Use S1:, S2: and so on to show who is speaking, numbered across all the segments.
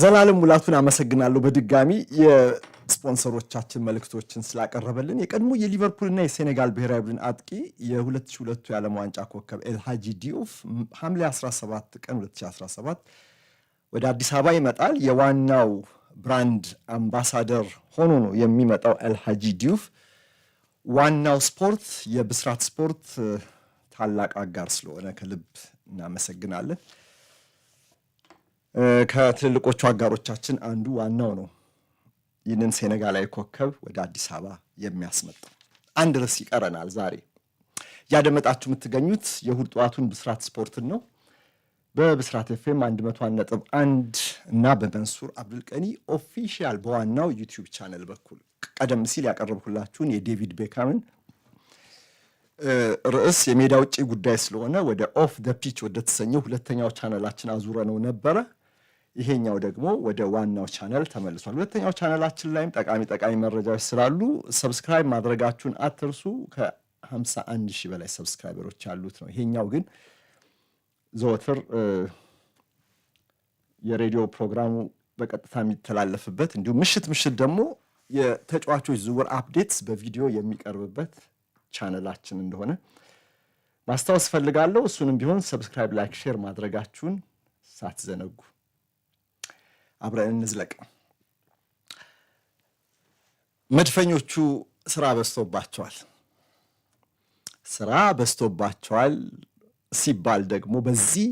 S1: ዘላለም ሙላቱን አመሰግናለሁ። በድጋሚ የስፖንሰሮቻችን መልእክቶችን ስላቀረበልን የቀድሞ የሊቨርፑልና የሴኔጋል ብሔራዊ ቡድን አጥቂ የ 2002 የዓለም ዋንጫ ኮከብ ኤልሃጂ ዲዩፍ ሐምሌ 17 ቀን 2017 ወደ አዲስ አበባ ይመጣል። የዋናው ብራንድ አምባሳደር ሆኖ ነው የሚመጣው ኤልሃጂ ዲዩፍ ዋናው ስፖርት የብስራት ስፖርት ታላቅ አጋር ስለሆነ ከልብ እናመሰግናለን። ከትልልቆቹ አጋሮቻችን አንዱ ዋናው ነው። ይህንን ሴኔጋላዊ ኮከብ ወደ አዲስ አበባ የሚያስመጣው አንድ ርዕስ ይቀረናል። ዛሬ እያደመጣችሁ የምትገኙት የእሁድ ጠዋቱን ብስራት ስፖርትን ነው። በብስራት ኤፍኤም 101.1 እና በመንሱር አብዱልቀኒ ኦፊሻል በዋናው ዩቲዩብ ቻነል በኩል ቀደም ሲል ያቀረብኩላችሁን የዴቪድ ቤካምን ርዕስ የሜዳ ውጭ ጉዳይ ስለሆነ ወደ ኦፍ ዘ ፒች ወደ ተሰኘው ሁለተኛው ቻናላችን አዙረ ነው ነበረ። ይሄኛው ደግሞ ወደ ዋናው ቻናል ተመልሷል። ሁለተኛው ቻናላችን ላይም ጠቃሚ ጠቃሚ መረጃዎች ስላሉ ሰብስክራይብ ማድረጋችሁን አትርሱ። ከ51 ሺህ በላይ ሰብስክራይበሮች ያሉት ነው። ይሄኛው ግን ዘወትር የሬዲዮ ፕሮግራሙ በቀጥታ የሚተላለፍበት እንዲሁም ምሽት ምሽት ደግሞ የተጫዋቾች ዝውውር አፕዴትስ በቪዲዮ የሚቀርብበት ቻነላችን እንደሆነ ማስታወስ እፈልጋለሁ። እሱንም ቢሆን ሰብስክራይብ፣ ላይክ፣ ሼር ማድረጋችሁን ሳትዘነጉ አብረን እንዝለቅ። መድፈኞቹ ስራ በዝቶባቸዋል። ስራ በዝቶባቸዋል ሲባል ደግሞ በዚህ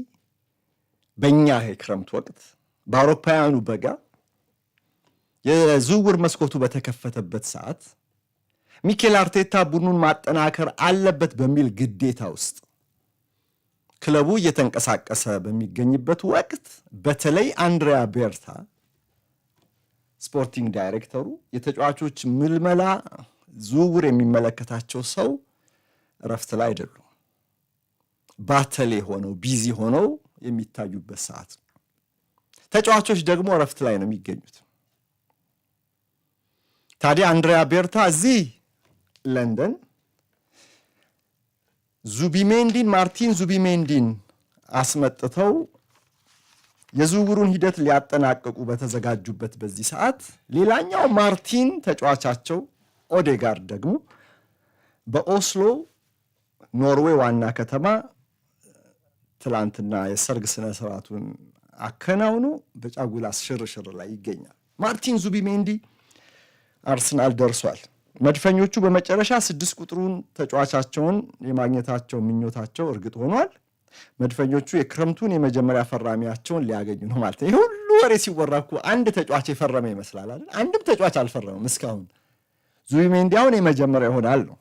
S1: በእኛ የክረምት ወቅት በአውሮፓውያኑ በጋ የዝውውር መስኮቱ በተከፈተበት ሰዓት ሚኬል አርቴታ ቡድኑን ማጠናከር አለበት በሚል ግዴታ ውስጥ ክለቡ እየተንቀሳቀሰ በሚገኝበት ወቅት በተለይ አንድሪያ ቤርታ ስፖርቲንግ ዳይሬክተሩ የተጫዋቾች ምልመላ፣ ዝውውር የሚመለከታቸው ሰው እረፍት ላይ አይደሉም። ባተሌ ሆነው ቢዚ ሆነው የሚታዩበት ሰዓት ነው። ተጫዋቾች ደግሞ እረፍት ላይ ነው የሚገኙት። ታዲያ አንድሪያ ቤርታ እዚህ ለንደን ዙቢሜንዲን ማርቲን ዙቢሜንዲን አስመጥተው የዝውውሩን ሂደት ሊያጠናቅቁ በተዘጋጁበት በዚህ ሰዓት ሌላኛው ማርቲን ተጫዋቻቸው ኦዴጋርድ ደግሞ በኦስሎ ኖርዌይ ዋና ከተማ ትላንትና የሰርግ ስነ ስርዓቱን አከናውኖ በጫጉላስ ሽርሽር ላይ ይገኛል። ማርቲን ዙቢሜንዲ አርሰናል ደርሷል። መድፈኞቹ በመጨረሻ ስድስት ቁጥሩን ተጫዋቻቸውን የማግኘታቸው ምኞታቸው እርግጥ ሆኗል። መድፈኞቹ የክረምቱን የመጀመሪያ ፈራሚያቸውን ሊያገኙ ነው ማለት ነው። ሁሉ ወሬ ሲወራ እኮ አንድ ተጫዋች የፈረመ ይመስላል አይደል? አንድም ተጫዋች አልፈረመም እስካሁን። ዙቢሜንዲ አሁን የመጀመሪያ ይሆናል ነው።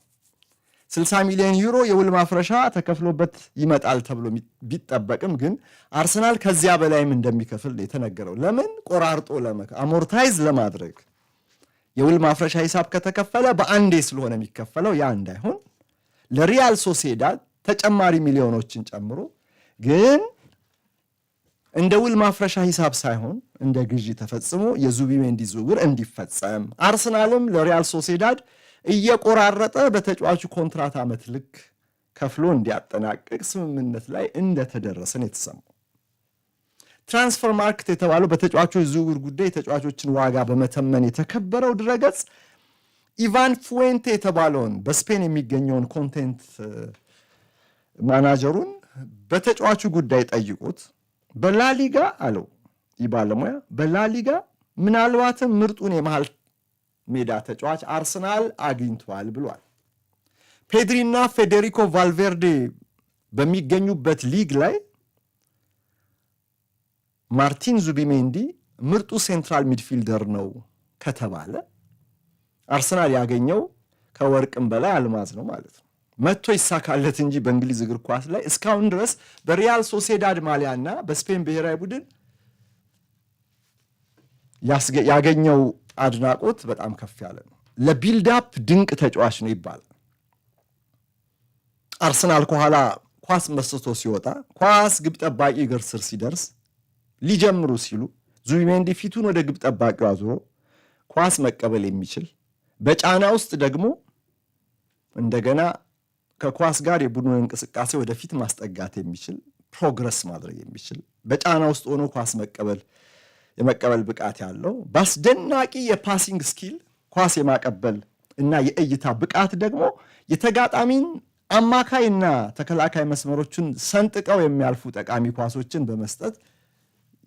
S1: 60 ሚሊዮን ዩሮ የውል ማፍረሻ ተከፍሎበት ይመጣል ተብሎ ቢጠበቅም ግን አርሰናል ከዚያ በላይም እንደሚከፍል የተነገረው ለምን ቆራርጦ ለመ አሞርታይዝ ለማድረግ የውል ማፍረሻ ሂሳብ ከተከፈለ በአንዴ ስለሆነ የሚከፈለው ያ እንዳይሆን ለሪያል ሶሴዳድ ተጨማሪ ሚሊዮኖችን ጨምሮ ግን እንደ ውል ማፍረሻ ሂሳብ ሳይሆን እንደ ግዢ ተፈጽሞ የዙቢሜንዲ ዝውውር እንዲፈጸም አርሰናልም ለሪያል ሶሴዳድ እየቆራረጠ በተጫዋቹ ኮንትራት ዓመት ልክ ከፍሎ እንዲያጠናቅቅ ስምምነት ላይ እንደተደረሰን የተሰማው ትራንስፈር ማርክት የተባለው በተጫዋቾች ዝውውር ጉዳይ የተጫዋቾችን ዋጋ በመተመን የተከበረው ድረገጽ ኢቫን ፉዌንቴ የተባለውን በስፔን የሚገኘውን ኮንቴንት ማናጀሩን በተጫዋቹ ጉዳይ ጠይቁት። በላሊጋ አለው ይህ ባለሙያ በላሊጋ ምናልባትም ምርጡን የመሃል ሜዳ ተጫዋች አርሰናል አግኝቷል ብሏል። ፔድሪና ፌዴሪኮ ቫልቬርዴ በሚገኙበት ሊግ ላይ ማርቲን ዙቢሜንዲ ምርጡ ሴንትራል ሚድፊልደር ነው ከተባለ አርሰናል ያገኘው ከወርቅም በላይ አልማዝ ነው ማለት ነው። መጥቶ ይሳካለት እንጂ በእንግሊዝ እግር ኳስ ላይ እስካሁን ድረስ በሪያል ሶሴዳድ ማሊያና በስፔን ብሔራዊ ቡድን ያገኘው አድናቆት በጣም ከፍ ያለ ነው። ለቢልዳፕ ድንቅ ተጫዋች ነው ይባላል። አርሰናል ከኋላ ኳስ መስቶ ሲወጣ ኳስ ግብ ጠባቂ እግር ስር ሲደርስ ሊጀምሩ ሲሉ ዙቢሜንዲ ፊቱን ወደ ግብ ጠባቂው አዙሮ ኳስ መቀበል የሚችል በጫና ውስጥ ደግሞ እንደገና ከኳስ ጋር የቡድኑን እንቅስቃሴ ወደፊት ማስጠጋት የሚችል ፕሮግረስ ማድረግ የሚችል በጫና ውስጥ ሆኖ ኳስ መቀበል የመቀበል ብቃት ያለው በአስደናቂ የፓሲንግ ስኪል ኳስ የማቀበል እና የእይታ ብቃት ደግሞ የተጋጣሚን አማካይና ተከላካይ መስመሮችን ሰንጥቀው የሚያልፉ ጠቃሚ ኳሶችን በመስጠት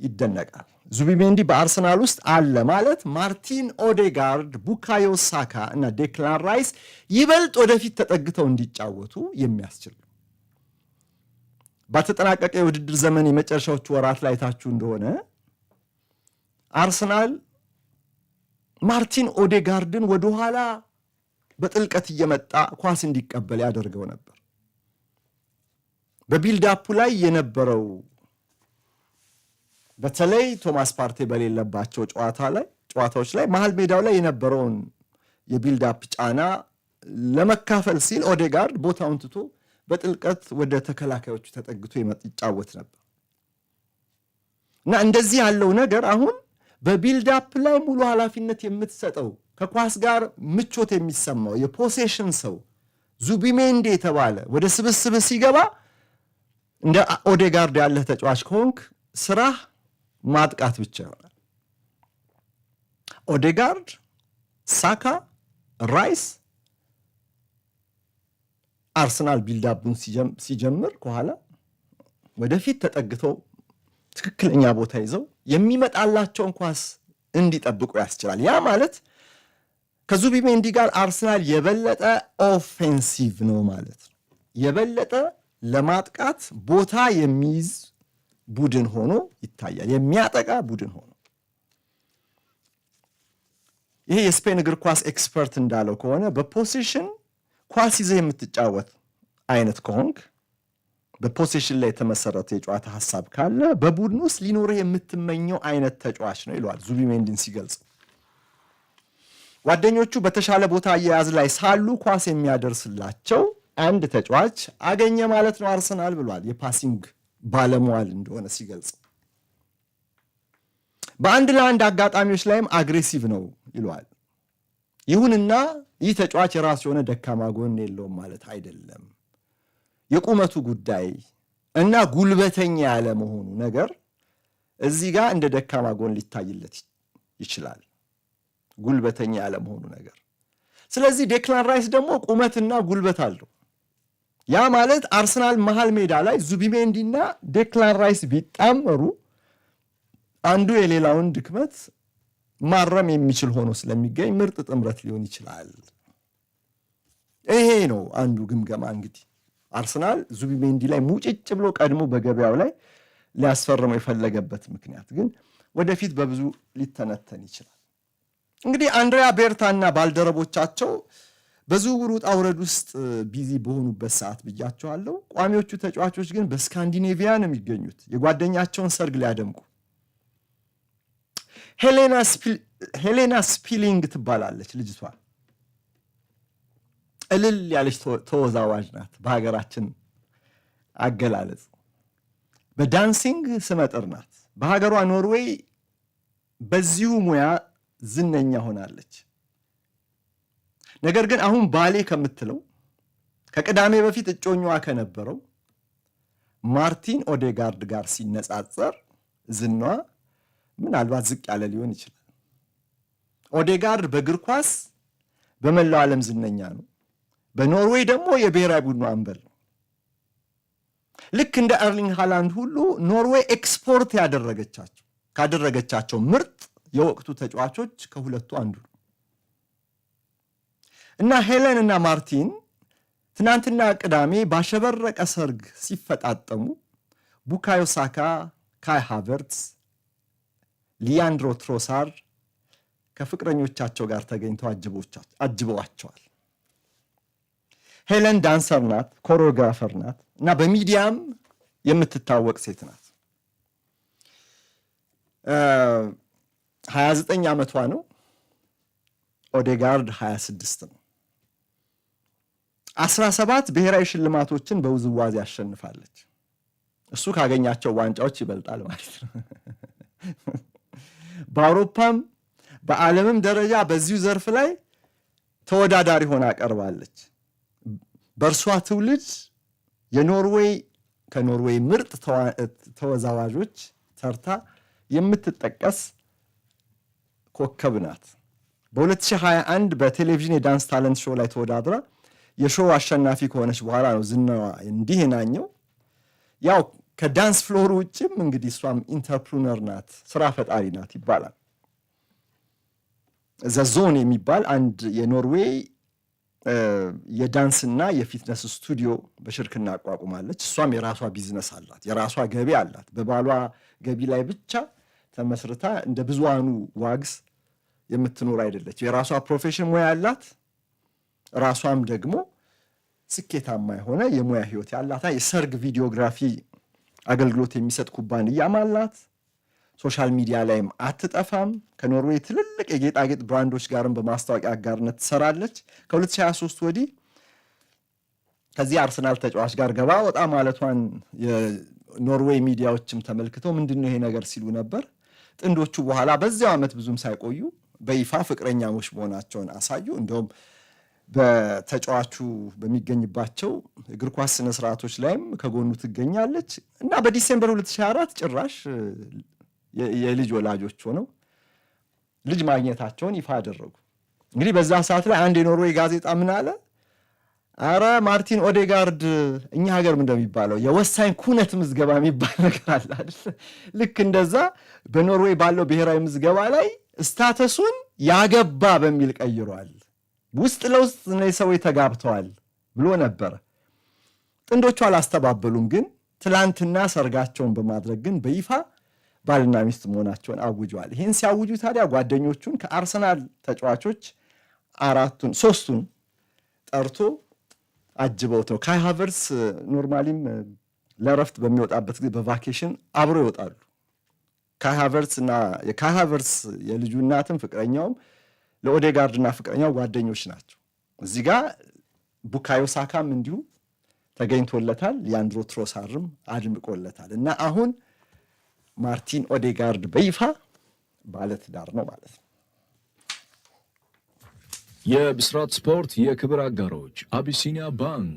S1: ይደነቃል። ዙቢሜንዲ በአርሰናል ውስጥ አለ ማለት ማርቲን ኦዴጋርድ፣ ቡካዮ ሳካ እና ዴክላን ራይስ ይበልጥ ወደፊት ተጠግተው እንዲጫወቱ የሚያስችል ነው። በተጠናቀቀ የውድድር ዘመን የመጨረሻዎቹ ወራት ላይ ታችሁ እንደሆነ አርሰናል ማርቲን ኦዴጋርድን ወደኋላ በጥልቀት እየመጣ ኳስ እንዲቀበል ያደርገው ነበር። በቢልዳፑ ላይ የነበረው በተለይ ቶማስ ፓርቴ በሌለባቸው ጨዋታ ላይ ጨዋታዎች ላይ መሀል ሜዳው ላይ የነበረውን የቢልድ አፕ ጫና ለመካፈል ሲል ኦዴጋርድ ቦታውን ትቶ በጥልቀት ወደ ተከላካዮቹ ተጠግቶ ይጫወት ነበር እና እንደዚህ ያለው ነገር አሁን በቢልድ አፕ ላይ ሙሉ ኃላፊነት የምትሰጠው ከኳስ ጋር ምቾት የሚሰማው የፖሴሽን ሰው ዙቢሜንዴ የተባለ ወደ ስብስብ ሲገባ እንደ ኦዴጋርድ ያለህ ተጫዋች ከሆንክ ስራህ ማጥቃት ብቻ ይሆናል። ኦዴጋርድ፣ ሳካ፣ ራይስ አርሰናል ቢልዳቡን ሲጀምር ከኋላ ወደፊት ተጠግተው ትክክለኛ ቦታ ይዘው የሚመጣላቸውን ኳስ እንዲጠብቁ ያስችላል። ያ ማለት ከዙቢሜንዲ ጋር አርሰናል የበለጠ ኦፌንሲቭ ነው ማለት ነው። የበለጠ ለማጥቃት ቦታ የሚይዝ ቡድን ሆኖ ይታያል። የሚያጠቃ ቡድን ሆኖ ይሄ የስፔን እግር ኳስ ኤክስፐርት እንዳለው ከሆነ በፖሴሽን ኳስ ይዘህ የምትጫወት አይነት ከሆንክ በፖሴሽን ላይ የተመሰረተ የጨዋታ ሀሳብ ካለ በቡድን ውስጥ ሊኖርህ የምትመኘው አይነት ተጫዋች ነው ይለዋል ዙቢሜንዲን ሲገልጽ። ጓደኞቹ በተሻለ ቦታ አያያዝ ላይ ሳሉ ኳስ የሚያደርስላቸው አንድ ተጫዋች አገኘ ማለት ነው አርሰናል ብሏል። የፓሲንግ ባለመዋል እንደሆነ ሲገልጽ በአንድ ለአንድ አጋጣሚዎች ላይም አግሬሲቭ ነው ይለዋል። ይሁንና ይህ ተጫዋች የራሱ የሆነ ደካማ ጎን የለውም ማለት አይደለም። የቁመቱ ጉዳይ እና ጉልበተኛ ያለ መሆኑ ነገር እዚህ ጋር እንደ ደካማ ጎን ሊታይለት ይችላል። ጉልበተኛ ያለ መሆኑ ነገር። ስለዚህ ዴክላን ራይስ ደግሞ ቁመትና ጉልበት አለው። ያ ማለት አርሰናል መሀል ሜዳ ላይ ዙቢሜንዲና ዴክላን ራይስ ቢጣመሩ አንዱ የሌላውን ድክመት ማረም የሚችል ሆኖ ስለሚገኝ ምርጥ ጥምረት ሊሆን ይችላል። ይሄ ነው አንዱ ግምገማ። እንግዲህ አርሰናል ዙቢሜንዲ ላይ ሙጭጭ ብሎ ቀድሞ በገበያው ላይ ሊያስፈርመው የፈለገበት ምክንያት ግን ወደፊት በብዙ ሊተነተን ይችላል። እንግዲህ አንድሪያ ቤርታና ባልደረቦቻቸው በዝውውር ውጣ ውረድ ውስጥ ቢዚ በሆኑበት ሰዓት ብያቸዋለሁ። ቋሚዎቹ ተጫዋቾች ግን በስካንዲኔቪያ ነው የሚገኙት የጓደኛቸውን ሰርግ ሊያደምቁ። ሄሌና ስፒሊንግ ትባላለች ልጅቷ። እልል ያለች ተወዛዋዥ ናት። በሀገራችን አገላለጽ በዳንሲንግ ስመጥር ናት። በሀገሯ ኖርዌይ በዚሁ ሙያ ዝነኛ ሆናለች። ነገር ግን አሁን ባሌ ከምትለው ከቅዳሜ በፊት እጮኛዋ ከነበረው ማርቲን ኦዴጋርድ ጋር ሲነጻጸር ዝኗ ምናልባት ዝቅ ያለ ሊሆን ይችላል። ኦዴጋርድ በእግር ኳስ በመላው ዓለም ዝነኛ ነው። በኖርዌይ ደግሞ የብሔራዊ ቡድኑ አምበል ነው። ልክ እንደ ኤርሊንግ ሃላንድ ሁሉ ኖርዌይ ኤክስፖርት ያደረገቻቸው ካደረገቻቸው ምርጥ የወቅቱ ተጫዋቾች ከሁለቱ አንዱ ነው። እና ሄለን እና ማርቲን ትናንትና ቅዳሜ ባሸበረቀ ሰርግ ሲፈጣጠሙ ቡካዮ ሳካ፣ ካይ ሃቨርትስ፣ ሊያንድሮ ትሮሳር ከፍቅረኞቻቸው ጋር ተገኝተው አጅበዋቸዋል። ሄለን ዳንሰር ናት፣ ኮሪዮግራፈር ናት እና በሚዲያም የምትታወቅ ሴት ናት። 29 ዓመቷ ነው። ኦዴጋርድ 26 ነው። አስራ ሰባት ብሔራዊ ሽልማቶችን በውዝዋዜ አሸንፋለች። እሱ ካገኛቸው ዋንጫዎች ይበልጣል ማለት ነው። በአውሮፓም በዓለምም ደረጃ በዚሁ ዘርፍ ላይ ተወዳዳሪ ሆና አቀርባለች። በእርሷ ትውልድ የኖርዌይ ከኖርዌይ ምርጥ ተወዛዋዦች ተርታ የምትጠቀስ ኮከብ ናት። በ2021 በቴሌቪዥን የዳንስ ታለንት ሾው ላይ ተወዳድራ የሾው አሸናፊ ከሆነች በኋላ ነው ዝናዋ እንዲህ የናኘው። ያው ከዳንስ ፍሎር ውጭም እንግዲህ እሷም ኢንተርፕሩነር ናት፣ ስራ ፈጣሪ ናት ይባላል። ዘዞን የሚባል አንድ የኖርዌይ የዳንስና የፊትነስ ስቱዲዮ በሽርክና አቋቁማለች። እሷም የራሷ ቢዝነስ አላት፣ የራሷ ገቢ አላት። በባሏ ገቢ ላይ ብቻ ተመስርታ እንደ ብዙሃኑ ዋግስ የምትኖር አይደለች። የራሷ ፕሮፌሽን ሙያ አላት። ራሷም ደግሞ ስኬታማ የሆነ የሙያ ህይወት ያላት የሰርግ ቪዲዮግራፊ አገልግሎት የሚሰጥ ኩባንያም አላት። ሶሻል ሚዲያ ላይም አትጠፋም። ከኖርዌይ ትልልቅ የጌጣጌጥ ብራንዶች ጋርም በማስታወቂያ አጋርነት ትሰራለች። ከ2023 ወዲህ ከዚህ አርሰናል ተጫዋች ጋር ገባ ወጣ ማለቷን የኖርዌይ ሚዲያዎችም ተመልክተው ምንድነው ይሄ ነገር ሲሉ ነበር። ጥንዶቹ በኋላ በዚያው ዓመት ብዙም ሳይቆዩ በይፋ ፍቅረኛሞች መሆናቸውን አሳዩ። እንደውም በተጫዋቹ በሚገኝባቸው እግር ኳስ ስነ ስርዓቶች ላይም ከጎኑ ትገኛለች እና በዲሴምበር 2024 ጭራሽ የልጅ ወላጆች ሆነው ልጅ ማግኘታቸውን ይፋ አደረጉ። እንግዲህ በዛ ሰዓት ላይ አንድ የኖርዌይ ጋዜጣ ምን አለ? አረ ማርቲን ኦዴጋርድ እኛ ሀገር እንደሚባለው የወሳኝ ኩነት ምዝገባ የሚባል ነገር አለ አይደል? ልክ እንደዛ በኖርዌይ ባለው ብሔራዊ ምዝገባ ላይ ስታተሱን ያገባ በሚል ቀይሯል። ውስጥ ለውስጥ ሰዎች ተጋብተዋል ብሎ ነበር። ጥንዶቹ አላስተባበሉም፣ ግን ትላንትና ሰርጋቸውን በማድረግ ግን በይፋ ባልና ሚስት መሆናቸውን አውጀዋል። ይህን ሲያውጁ ታዲያ ጓደኞቹን ከአርሰናል ተጫዋቾች አራቱን ሶስቱን ጠርቶ አጅበውት ነው። ካይ ሃቨርስ ኖርማሊም ለረፍት በሚወጣበት ጊዜ በቫኬሽን አብሮ ይወጣሉ። ካይ ሃቨርስ እና የካይ ሃቨርስ የልጁ እናትም ፍቅረኛውም ለኦዴጋርድና ፍቅረኛው ጓደኞች ናቸው። እዚህ ጋ ቡካዮ ሳካም እንዲሁ ተገኝቶለታል። ሊያንድሮ ትሮሳርም አድምቆለታል። እና አሁን ማርቲን ኦዴጋርድ በይፋ ባለትዳር ነው ማለት ነው።
S2: የብስራት ስፖርት የክብር አጋሮች አቢሲኒያ ባንክ